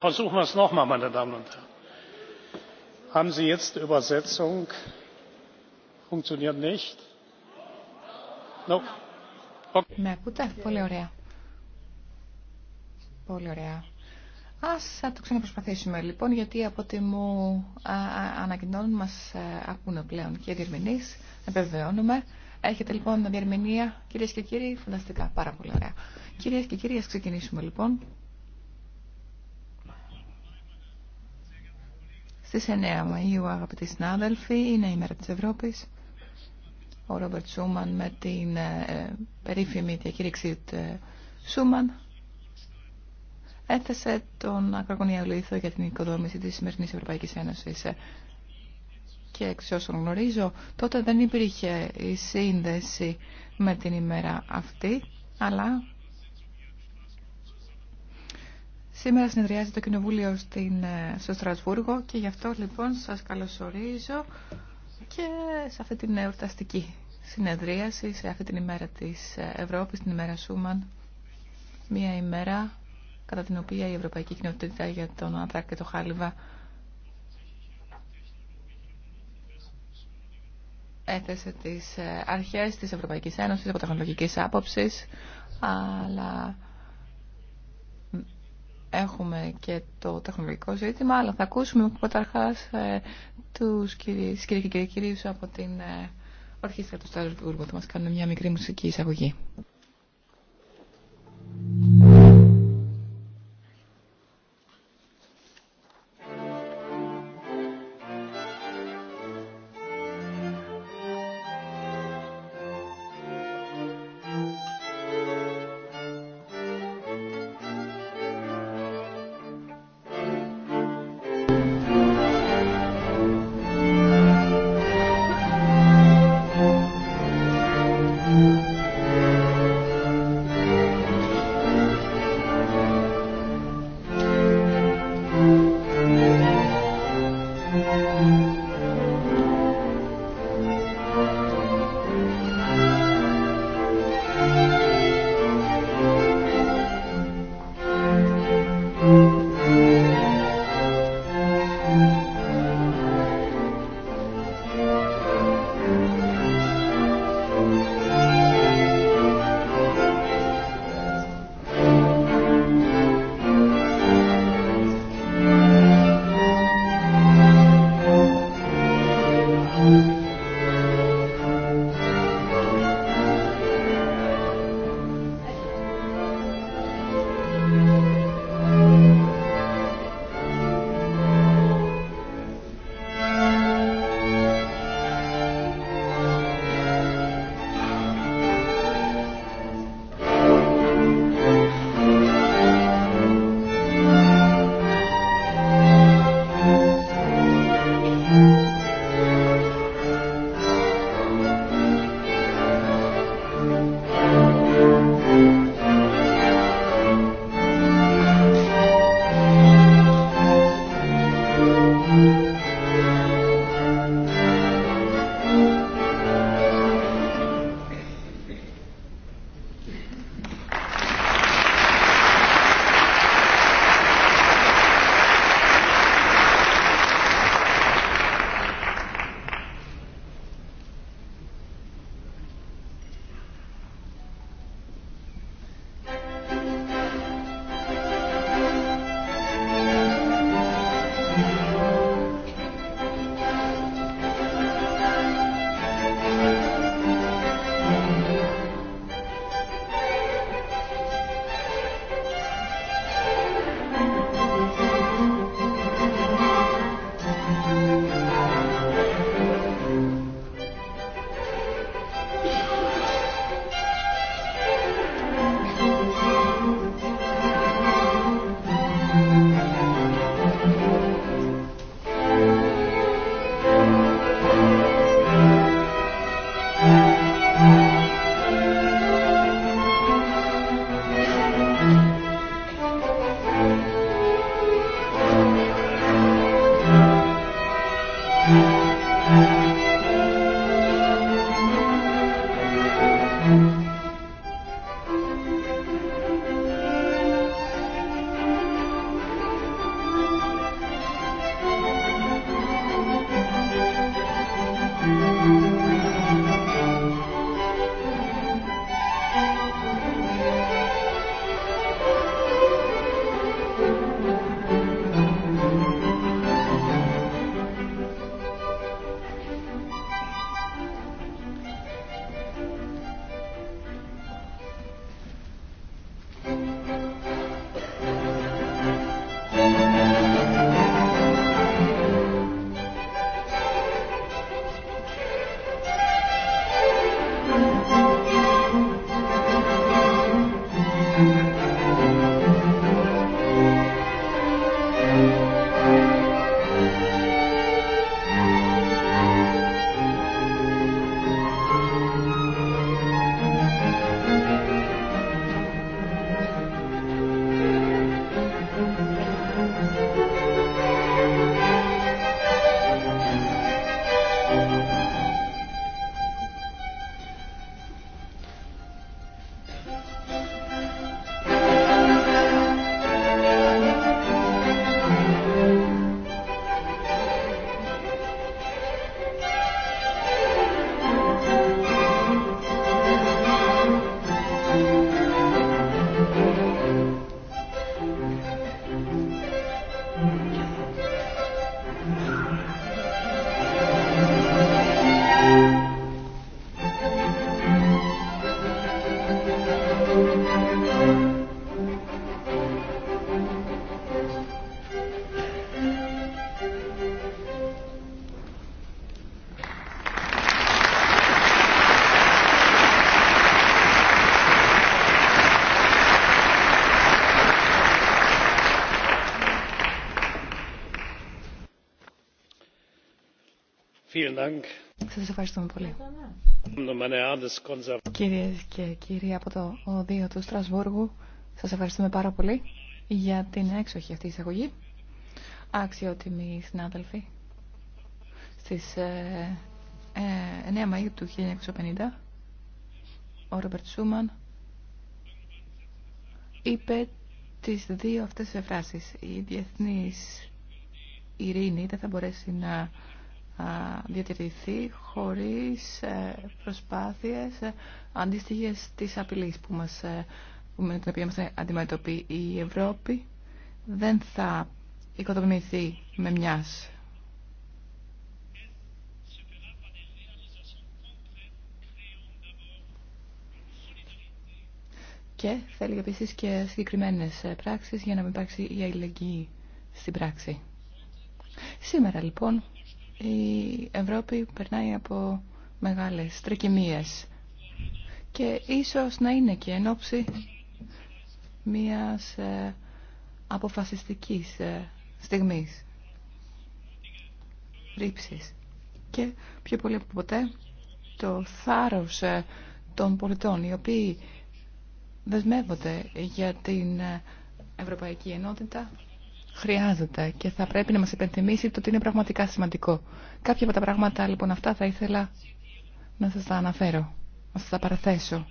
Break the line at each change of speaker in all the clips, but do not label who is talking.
versuchen wir Πολύ ωραία. Πολύ Ας το ξαναπροσπαθήσουμε λοιπόν, γιατί από ό,τι μου ανακοινώνουν μα ε, ακούνε πλέον και οι διερμηνεί. επιβεβαιώνουμε. Έχετε λοιπόν διερμηνία, κύριε και κύριοι, φανταστικά, πάρα πολύ ωραία. Κυρίε και κύριοι, α ξεκινήσουμε λοιπόν. Στις 9 Μαΐου, αγαπητοί συνάδελφοι, είναι η μέρα της Ευρώπης. Ο Ρόμπερτ Σούμαν με την ε, περίφημη διακήρυξη του ε, Σούμαν έθεσε τον ακρογωνιαίο λίθο για την οικοδόμηση της σημερινής Ευρωπαϊκής Ένωσης. Ε, και εξ όσων γνωρίζω, τότε δεν υπήρχε η σύνδεση με την ημέρα αυτή, αλλά Σήμερα συνεδριάζει το Κοινοβούλιο στην, ε, στο Στρασβούργο και γι' αυτό λοιπόν σας καλωσορίζω και σε αυτή την εορταστική συνεδρίαση, σε αυτή την ημέρα της ε, Ευρώπης, την ημέρα Σούμαν. Μία ημέρα κατά την οποία η Ευρωπαϊκή Κοινότητα για τον Άνθρακ και το Χάλιβα έθεσε τις ε, αρχές της Ευρωπαϊκής Ένωσης από τεχνολογικής άποψης, αλλά Έχουμε και το τεχνολογικό ζήτημα, αλλά θα ακούσουμε καταρχά ε, του κυρίε και κύριοι από την ε, Ορχήστρα του που Θα μα κάνουν μια μικρή μουσική εισαγωγή. Σας ευχαριστούμε πολύ. Κυρίες και κύριοι από το Οδείο του Στρασβούργου, σας ευχαριστούμε πάρα πολύ για την έξοχη αυτή εισαγωγή. Αξιότιμοι συνάδελφοι, στις ε, ε, 9 Μαΐου του 1950, ο Ρόμπερτ Σούμαν είπε τις δύο αυτές τις φράσεις. Η διεθνής ειρήνη δεν θα μπορέσει να διατηρηθεί χωρίς ε, προσπάθειες ε, αντίστοιχες της απειλής που μας, ε, που με την οποία μας αντιμετωπεί η Ευρώπη δεν θα οικοδομηθεί με μιας. Και θέλει επίσης και συγκεκριμένες πράξεις για να μην υπάρξει η αλληλεγγύη στην πράξη. Σήμερα λοιπόν η Ευρώπη περνάει από μεγάλες τρικυμίες και ίσως να είναι και εν ώψη μιας ε, αποφασιστικής ε, στιγμής ρήψης και πιο πολύ από ποτέ το θάρρος ε, των πολιτών οι οποίοι δεσμεύονται για την Ευρωπαϊκή Ενότητα χρειάζεται και θα πρέπει να μας υπενθυμίσει το ότι είναι πραγματικά σημαντικό. Κάποια από τα πράγματα λοιπόν αυτά θα ήθελα να σας τα αναφέρω, να σας τα παραθέσω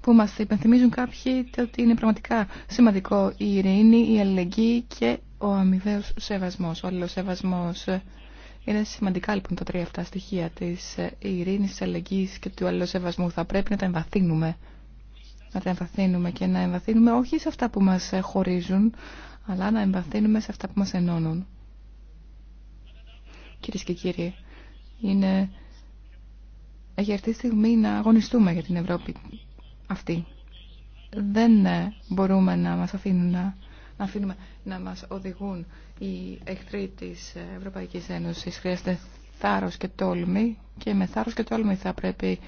που μας υπενθυμίζουν κάποιοι ότι είναι πραγματικά σημαντικό η ειρήνη, η αλληλεγγύη και ο αμοιβαίος σεβασμός, ο αλληλοσεβασμός. Είναι σημαντικά λοιπόν τα τρία αυτά στοιχεία της ειρήνης, της αλληλεγγύης και του αλληλοσεβασμού. Θα πρέπει να τα εμβαθύνουμε να τα εμβαθύνουμε και να εμβαθύνουμε όχι σε αυτά που μας χωρίζουν, αλλά να εμβαθύνουμε σε αυτά που μας ενώνουν. Κυρίε και κύριοι, είναι... έχει αυτή στιγμή να αγωνιστούμε για την Ευρώπη αυτή. Δεν ε, μπορούμε να μας αφήνουν να, αφήνουμε να μας οδηγούν οι εχθροί της Ευρωπαϊκής Ένωσης. Χρειάζεται θάρρος και τόλμη και με θάρρος και τόλμη θα πρέπει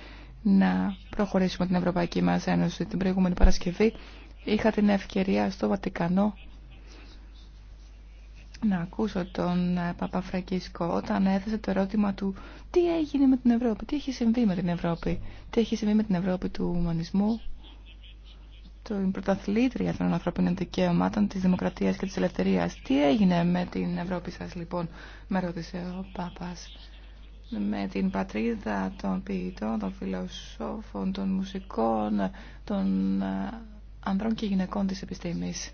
να προχωρήσουμε την Ευρωπαϊκή μας Ένωση. Την προηγούμενη Παρασκευή είχα την ευκαιρία στο Βατικανό να ακούσω τον ε, Παπαφρακίσκο όταν έθεσε το ερώτημα του τι έγινε με την Ευρώπη, τι έχει συμβεί με την Ευρώπη, τι έχει συμβεί με την Ευρώπη του ουμανισμού, την πρωταθλήτρια των ανθρωπίνων δικαιωμάτων, της δημοκρατίας και της ελευθερίας. Τι έγινε με την Ευρώπη σας λοιπόν, με ρώτησε ο Πάπας με την πατρίδα των ποιητών, των φιλοσόφων, των μουσικών, των ε, ανδρών και γυναικών της επιστήμης.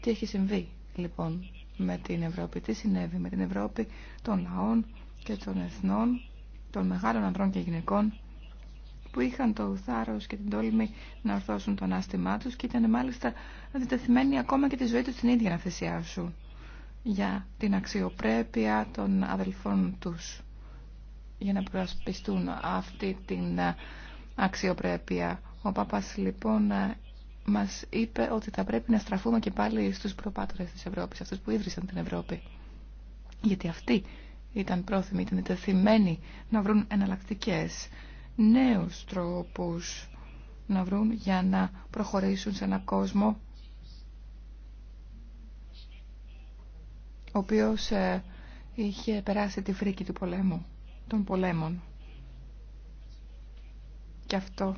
Τι έχει συμβεί λοιπόν με την Ευρώπη, τι συνέβη με την Ευρώπη των λαών και των εθνών, των μεγάλων ανδρών και γυναικών που είχαν το θάρρος και την τόλμη να ορθώσουν τον ανάστημά τους και ήταν μάλιστα αντιτεθειμένοι ακόμα και τη ζωή τους την ίδια να θυσιάσουν για την αξιοπρέπεια των αδελφών τους για να προασπιστούν αυτή την αξιοπρέπεια. Ο Πάπας λοιπόν μας είπε ότι θα πρέπει να στραφούμε και πάλι στους προπάτορες της Ευρώπης, αυτούς που ίδρυσαν την Ευρώπη. Γιατί αυτοί ήταν πρόθυμοι, ήταν τεθειμένοι να βρουν εναλλακτικέ νέους τρόπους να βρουν για να προχωρήσουν σε ένα κόσμο ο οποίος ε, είχε περάσει τη φρίκη του πολέμου των πολέμων. Και αυτό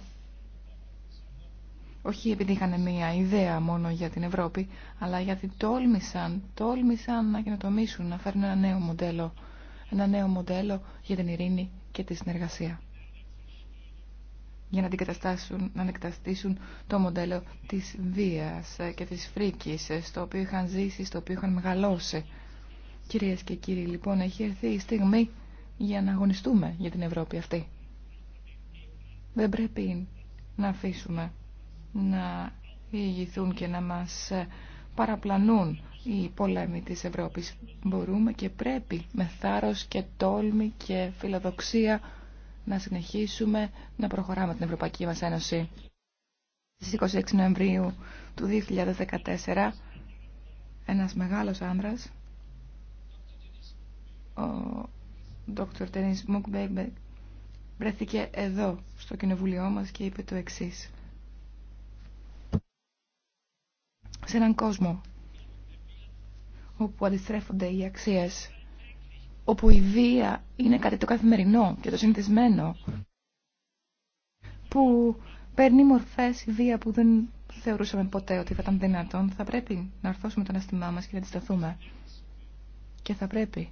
όχι επειδή είχαν μία ιδέα μόνο για την Ευρώπη, αλλά γιατί τόλμησαν, τόλμησαν να καινοτομήσουν, να φέρουν ένα νέο μοντέλο, ένα νέο μοντέλο για την ειρήνη και τη συνεργασία. Για να αντικαταστήσουν, να αντικαταστήσουν το μοντέλο της βίας και της φρίκης, στο οποίο είχαν ζήσει, στο οποίο είχαν μεγαλώσει. Κυρίες και κύριοι, λοιπόν, έχει έρθει η στιγμή για να αγωνιστούμε για την Ευρώπη αυτή. Δεν πρέπει να αφήσουμε να ηγηθούν και να μας παραπλανούν οι πολέμοι της Ευρώπης. Μπορούμε και πρέπει με θάρρος και τόλμη και φιλοδοξία να συνεχίσουμε να προχωράμε την Ευρωπαϊκή μας Ένωση. Στις 26 Νοεμβρίου του 2014 ένας μεγάλος άνδρας, Dr. Τένις βρέθηκε εδώ στο κοινοβουλίο μας και είπε το εξής. Σε έναν κόσμο όπου αντιστρέφονται οι αξίες, όπου η βία είναι κάτι το καθημερινό και το συνηθισμένο, που παίρνει μορφές η βία που δεν θεωρούσαμε ποτέ ότι θα ήταν δυνατόν, θα πρέπει να αρθώσουμε τον αστυμά μας και να αντισταθούμε. Και θα πρέπει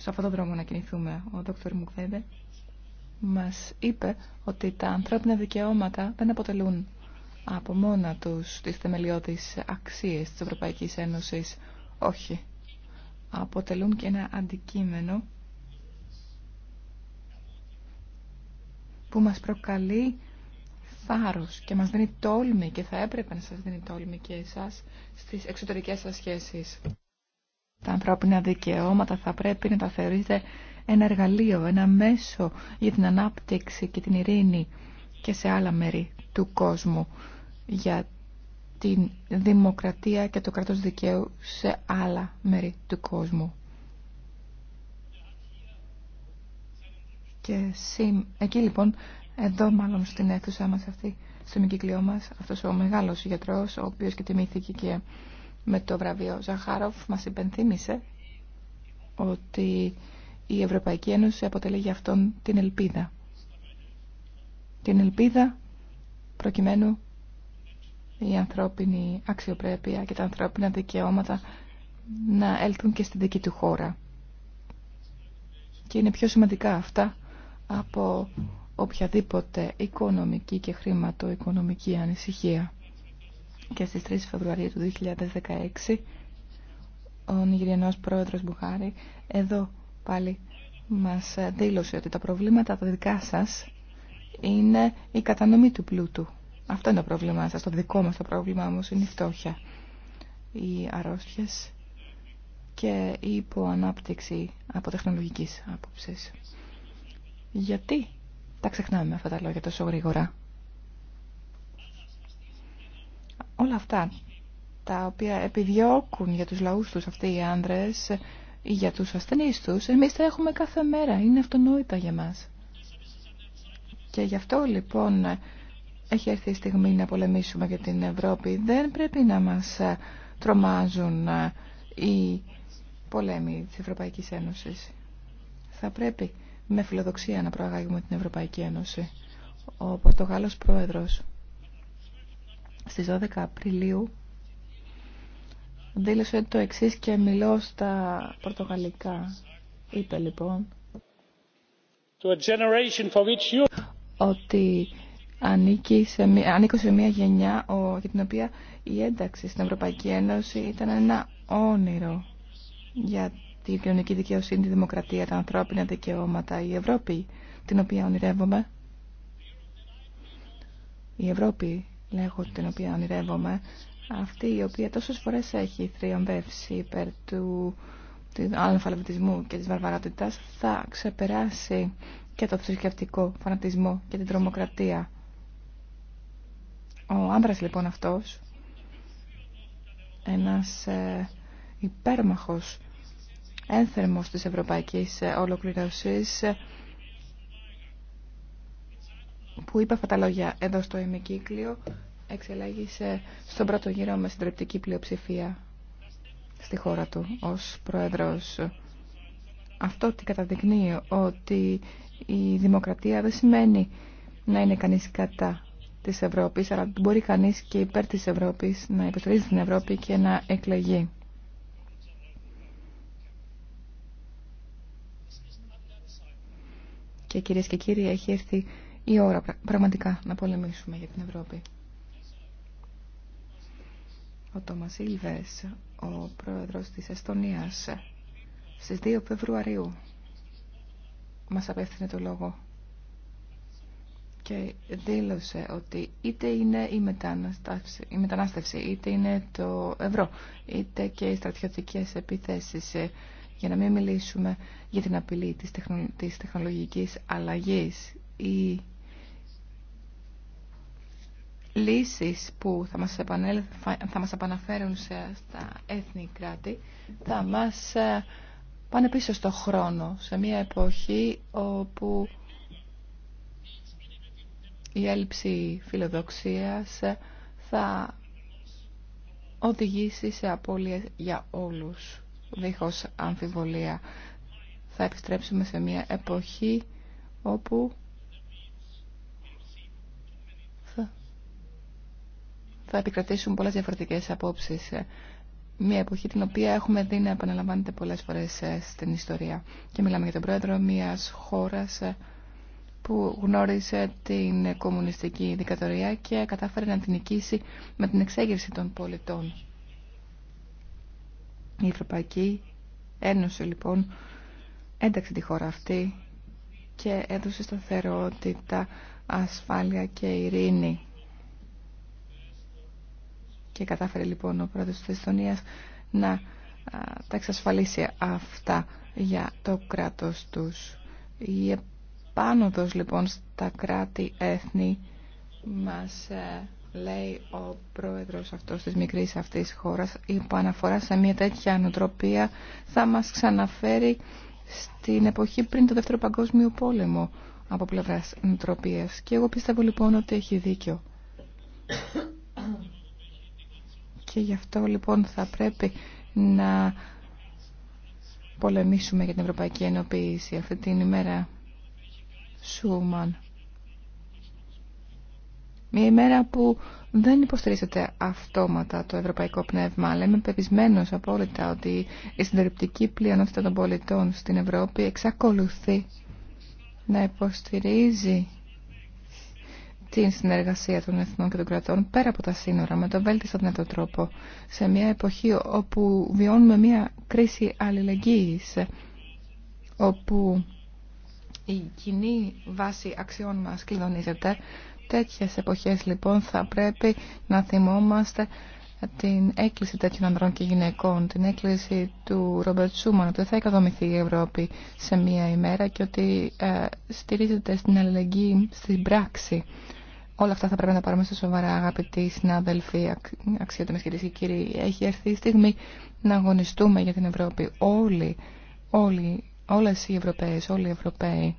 σε αυτόν τον δρόμο να κινηθούμε. Ο Δόκτωρ Μουκβέντε, μας είπε ότι τα ανθρώπινα δικαιώματα δεν αποτελούν από μόνα τους τις θεμελιώδεις αξίες της Ευρωπαϊκής Ένωσης. Όχι. Αποτελούν και ένα αντικείμενο που μας προκαλεί θάρρος και μας δίνει τόλμη και θα έπρεπε να σας δίνει τόλμη και εσάς στις εξωτερικές σας σχέσεις. Τα ανθρώπινα δικαιώματα θα πρέπει να τα θεωρείτε ένα εργαλείο, ένα μέσο για την ανάπτυξη και την ειρήνη και σε άλλα μέρη του κόσμου για την δημοκρατία και το κράτος δικαίου σε άλλα μέρη του κόσμου. Και εκεί λοιπόν, εδώ μάλλον στην αίθουσά μας αυτή, στο μικυκλίο μας, αυτός ο μεγάλος γιατρός, ο οποίος και τιμήθηκε και με το βραβείο Ζαχάροφ μας υπενθύμησε ότι η Ευρωπαϊκή Ένωση αποτελεί για αυτόν την ελπίδα. Την ελπίδα προκειμένου η ανθρώπινη αξιοπρέπεια και τα ανθρώπινα δικαιώματα να έλθουν και στην δική του χώρα. Και είναι πιο σημαντικά αυτά από οποιαδήποτε οικονομική και χρηματοοικονομική ανησυχία και στις 3 Φεβρουαρίου του 2016 ο Νιγηριανός πρόεδρος Μπουχάρη εδώ πάλι μας δήλωσε ότι τα προβλήματα τα δικά σας είναι η κατανομή του πλούτου. Αυτό είναι το πρόβλημά σας. Το δικό μας το πρόβλημα όμως είναι η φτώχεια. Οι αρρώστιες και η υποανάπτυξη από τεχνολογικής άποψης. Γιατί τα ξεχνάμε αυτά τα λόγια τόσο γρήγορα. Όλα αυτά τα οποία επιδιώκουν για τους λαούς τους αυτοί οι άνδρες ή για τους ασθενείς τους, εμείς τα έχουμε κάθε μέρα, είναι αυτονόητα για μας. Και γι' αυτό λοιπόν έχει έρθει η στιγμή να πολεμήσουμε για την Ευρώπη. Δεν πρέπει να μας τρομάζουν οι πολέμοι της Ευρωπαϊκής Ένωσης. Θα πρέπει με φιλοδοξία να προαγάγουμε την Ευρωπαϊκή Ένωση. Ο Πορτογάλος Πρόεδρος στις 12 Απριλίου δήλωσε το εξή και μιλώ στα πορτογαλικά. Είπε λοιπόν ότι ανήκει σε, ανήκω σε μια γενιά ο, για την οποία η ένταξη στην Ευρωπαϊκή Ένωση ήταν ένα όνειρο για την κοινωνική δικαιοσύνη, τη δημοκρατία, τα ανθρώπινα δικαιώματα, η Ευρώπη την οποία ονειρεύομαι. Η Ευρώπη λέγω την οποία ονειρεύομαι, αυτή η οποία τόσες φορές έχει θριαμβεύσει υπέρ του, του και της βαρβαρότητας, θα ξεπεράσει και το θρησκευτικό φανατισμό και την τρομοκρατία. Ο άντρας λοιπόν αυτός, ένας ε, υπέρμαχος ένθερμος της ευρωπαϊκής ε, ολοκληρωσής, που είπε αυτά τα λόγια εδώ στο ημικύκλιο εξελέγησε στον πρώτο γύρο με συντριπτική πλειοψηφία στη χώρα του ως πρόεδρος. Αυτό τι καταδεικνύει ότι η δημοκρατία δεν σημαίνει να είναι κανείς κατά της Ευρώπης, αλλά μπορεί κανείς και υπέρ της Ευρώπης να υποστηρίζει την Ευρώπη και να εκλεγεί. Και κυρίες και κύριοι, έχει έρθει η ώρα πραγματικά να πολεμήσουμε για την Ευρώπη. Ο Τόμας Ήλβες, ο πρόεδρος της Εστονίας, στις 2 Φεβρουαρίου μας απέφθινε το λόγο και δήλωσε ότι είτε είναι η μετανάστευση, η μετανάστευση είτε είναι το ευρώ, είτε και οι στρατιωτικές επιθέσεις ε, για να μην μιλήσουμε για την απειλή της, τεχνο, της τεχνολογικής αλλαγής οι λύσεις που θα μας, θα μας επαναφέρουν σε, στα έθνη κράτη θα μας ε, πάνε πίσω στο χρόνο, σε μια εποχή όπου η έλλειψη φιλοδοξίας ε, θα οδηγήσει σε απώλεια για όλους, δίχως αμφιβολία. Θα επιστρέψουμε σε μια εποχή όπου θα επικρατήσουν πολλές διαφορετικές απόψεις. Μια εποχή την οποία έχουμε δει να επαναλαμβάνεται πολλές φορές ε, στην ιστορία. Και μιλάμε για τον πρόεδρο μιας χώρας ε, που γνώρισε την κομμουνιστική δικατορία και κατάφερε να την νικήσει με την εξέγερση των πολιτών. Η Ευρωπαϊκή Ένωση λοιπόν ένταξε τη χώρα αυτή και έδωσε σταθερότητα, ασφάλεια και ειρήνη και κατάφερε λοιπόν ο πρόεδρος της Εστονίας να τα εξασφαλίσει αυτά για το κράτος τους. Η επάνωδος λοιπόν στα κράτη-έθνη μας ε, λέει ο πρόεδρος αυτός της μικρής αυτής χώρας η αναφορά σε μια τέτοια ανοτροπία θα μας ξαναφέρει στην εποχή πριν το Δεύτερο Παγκόσμιο Πόλεμο από πλευράς ανοτροπίας και εγώ πιστεύω λοιπόν ότι έχει δίκιο και γι' αυτό λοιπόν θα πρέπει να πολεμήσουμε για την Ευρωπαϊκή Ενοποίηση αυτή την ημέρα Σούμαν. Μια ημέρα που δεν υποστηρίζεται αυτόματα το ευρωπαϊκό πνεύμα, αλλά είμαι πεπισμένο απόλυτα ότι η συντριπτική πλειονότητα των πολιτών στην Ευρώπη εξακολουθεί να υποστηρίζει την συνεργασία των εθνών και των κρατών πέρα από τα σύνορα με τον βέλτιστο δυνατό τρόπο σε μια εποχή όπου βιώνουμε μια κρίση αλληλεγγύης όπου η κοινή βάση αξιών μας κλειδονίζεται τέτοιες εποχές λοιπόν θα πρέπει να θυμόμαστε την έκκληση τέτοιων ανδρών και γυναικών, την έκκληση του Ρόμπερτ Σούμαν ότι θα οικοδομηθεί η Ευρώπη σε μία ημέρα και ότι ε, στηρίζεται στην αλληλεγγύη στην πράξη. Όλα αυτά θα πρέπει να πάρουμε στα σοβαρά, αγαπητοί συνάδελφοι, αξιότιμε κυρίε και κύριοι. Έχει έρθει η στιγμή να αγωνιστούμε για την Ευρώπη. Όλοι, όλοι, όλες οι Ευρωπαίε, όλοι οι Ευρωπαίοι.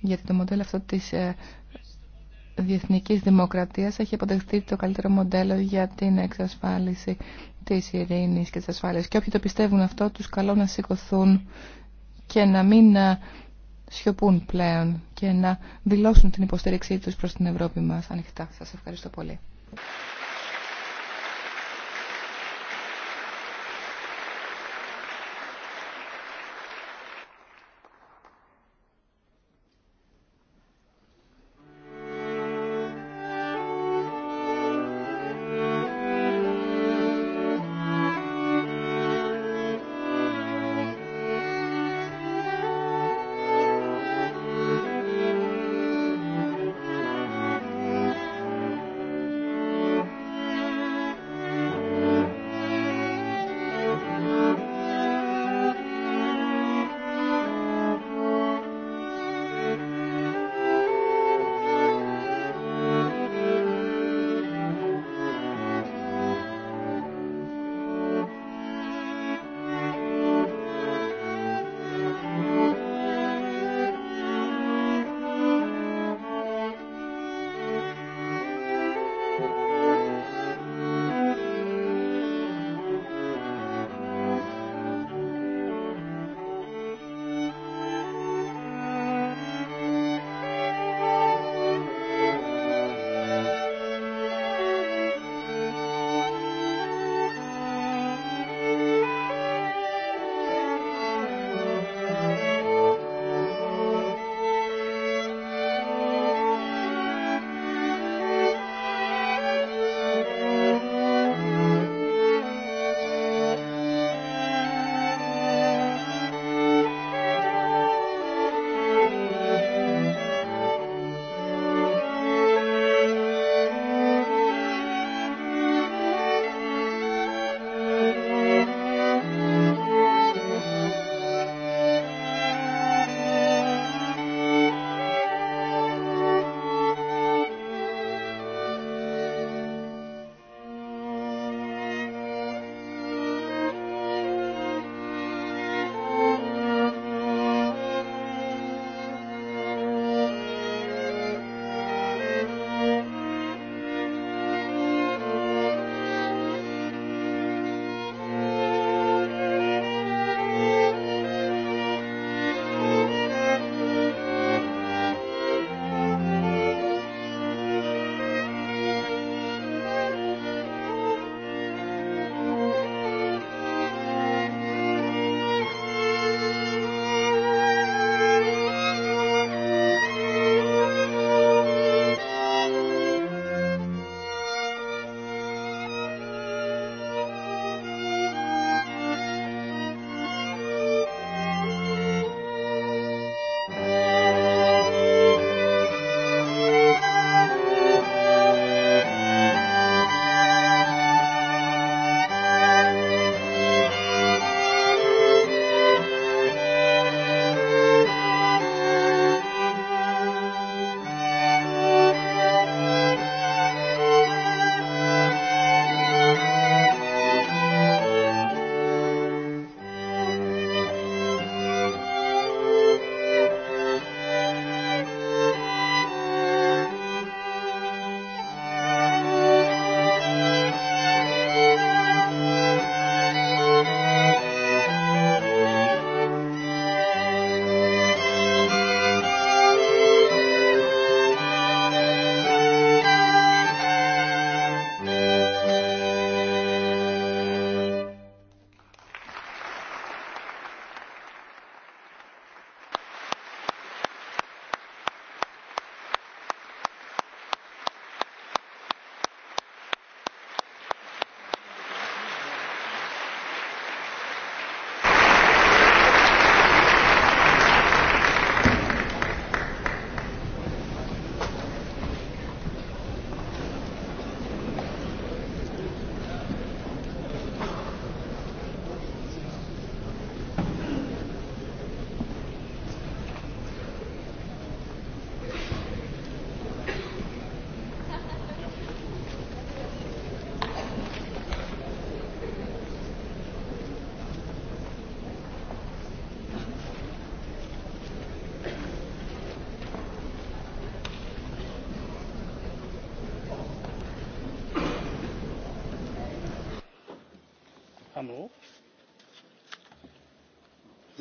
Γιατί το μοντέλο αυτό τη ε, διεθνικής δημοκρατίας έχει αποτεχθεί το καλύτερο μοντέλο για την εξασφάλιση τη Ειρηνή και τη ασφάλεια. Και όποιοι το πιστεύουν αυτό, του καλώ να σηκωθούν και να μην ε, σιωπούν πλέον και να δηλώσουν την υποστήριξή τους προς την Ευρώπη μας ανοιχτά. Σας ευχαριστώ πολύ.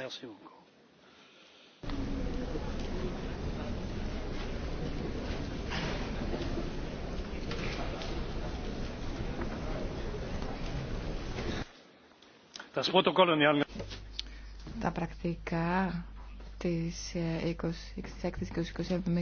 Merci beaucoup. Τα πρακτικά της 26ης ε, και 27ης